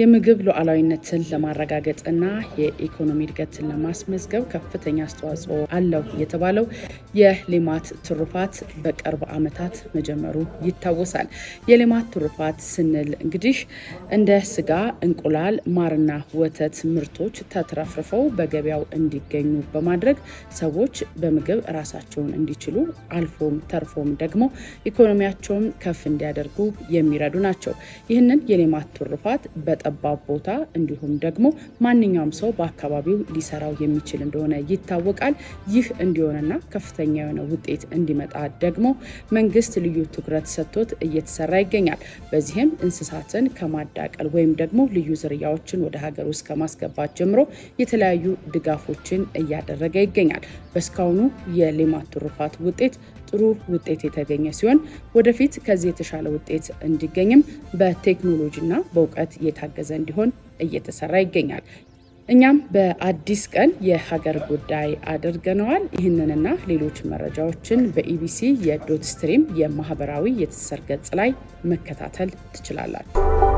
የምግብ ሉዓላዊነትን ለማረጋገጥና የኢኮኖሚ እድገትን ለማስመዝገብ ከፍተኛ አስተዋጽኦ አለው የተባለው የሌማት ትሩፋት በቅርብ ዓመታት መጀመሩ ይታወሳል። የሌማት ትሩፋት ስንል እንግዲህ እንደ ስጋ፣ እንቁላል፣ ማርና ወተት ምርቶች ተትረፍርፈው በገበያው እንዲገኙ በማድረግ ሰዎች በምግብ ራሳቸውን እንዲችሉ አልፎም ተርፎም ደግሞ ኢኮኖሚያቸውን ከፍ እንዲያደርጉ የሚረዱ ናቸው። ይህንን የሌማት ትሩፋት በጠ ጠባብ ቦታ እንዲሁም ደግሞ ማንኛውም ሰው በአካባቢው ሊሰራው የሚችል እንደሆነ ይታወቃል። ይህ እንዲሆንና ከፍተኛ የሆነ ውጤት እንዲመጣ ደግሞ መንግስት ልዩ ትኩረት ሰጥቶት እየተሰራ ይገኛል። በዚህም እንስሳትን ከማዳቀል ወይም ደግሞ ልዩ ዝርያዎችን ወደ ሀገር ውስጥ ከማስገባት ጀምሮ የተለያዩ ድጋፎችን እያደረገ ይገኛል። በእስካሁኑ የሌማት ትሩፋት ውጤት ጥሩ ውጤት የተገኘ ሲሆን ወደፊት ከዚህ የተሻለ ውጤት እንዲገኝም በቴክኖሎጂና በእውቀት እየታገዘ እንዲሆን እየተሰራ ይገኛል። እኛም በአዲስ ቀን የሀገር ጉዳይ አድርገነዋል። ይህንንና ሌሎች መረጃዎችን በኢቢሲ የዶት ስትሪም የማህበራዊ የትስስር ገጽ ላይ መከታተል ትችላላችሁ።